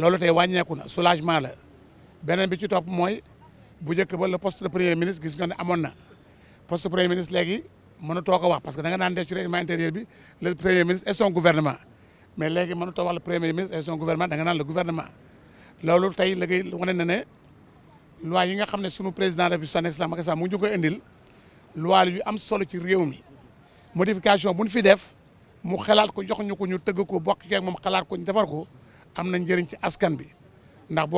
loolu tey wàññeeku na soulagement la beneen bi ci topp mooy bu njëkk ba le poste de premier ministre gis nga ne amoon poste poste premier ministre léegi mënatoo ko wax parce que da nga daan def ci règlement intérieur bi le premier ministre et son gouvernement mais léegi mënatoo wax le premier ministre et son gouvernement da nga naan le gouvernement loolu tey léegi wane na ne loi yi nga xam ne sunu président de la République son mu ngi ñu koy indil loi yu am solo ci réew mi modification bu fi def mu xelal ko jox ñu ko ñu teug ko bokk ak mom xelal ko ñu defar ko am na njëriñ ci askan bi ndax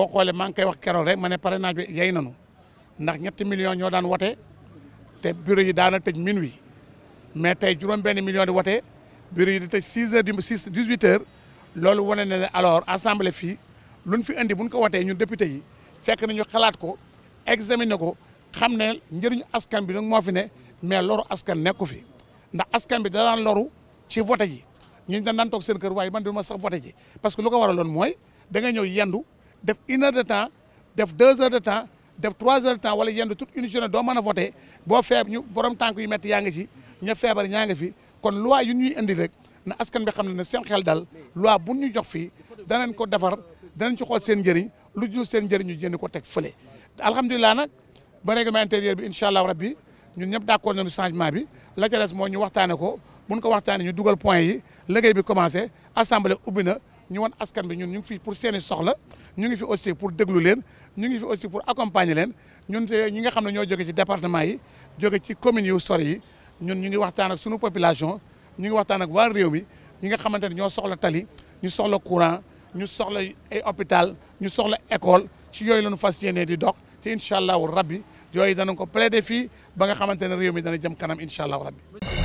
a bi millions ño daan woté té bureau yi daana minuit mais tay juroom benn million di woté bureau yi di des millions heures du heures alors assemblée fi luñ fi indi buñ ko woté ñun député yi fekk nañu xalaat ko examiner ko xamné ne askan bi fi mais loru askan nekku fi ndax askan bi daan loru ci voté ñun dañ daan toog seen kër waaye man duma sax voté ji parce que lu ko waraloon mooy da nga ñëw yendu def 1 heure de temps def 2 heures de temps def 3 heures de temps wala yendu toute une journée do mën a voté boo feeb ñu borom tank yu metti yaangi ci ña feebar ñaa fi kon loi yu ñuy indi rek na askan bi xamna ne seen xel dal loi bu ñu jox fii danañ ko defar danañ ci xol seen jëriñ lu jul seen jëriñ ñu jënd ko tek feulé alhamdulilah nak ba règlement intérieur bi inshallah allah rabbi ñun ñëpp d'accord nañu changement bi la ca dess mo ñu waxtaane ko buñ ko waxtaanee ñu duggal point yi liggéey bi commencé assemblée ubina ñu won askan bi ñun ñu fi pour seeni soxla ñu ngi fi aussi pour déglu leen ñu ngi fi aussi pour accompagner leen ñun te ñi nga xamné ne ñoo jóge ci département yi joggé ci commune yu sori yi ñun ñu ngi waxtaan ak suñu population ñu ngi waxtaan ak waa réew mi ñi nga xamante ne ñoo soxla tali ñu soxla courant ñu soxla ay hôpital ñu soxla école ci yooyu lañu fas yéenee di dox te incha allahu rabbi yooyu danañ ko plaider fii ba nga xamante réew mi dana jëm kanam incha allahu rabbi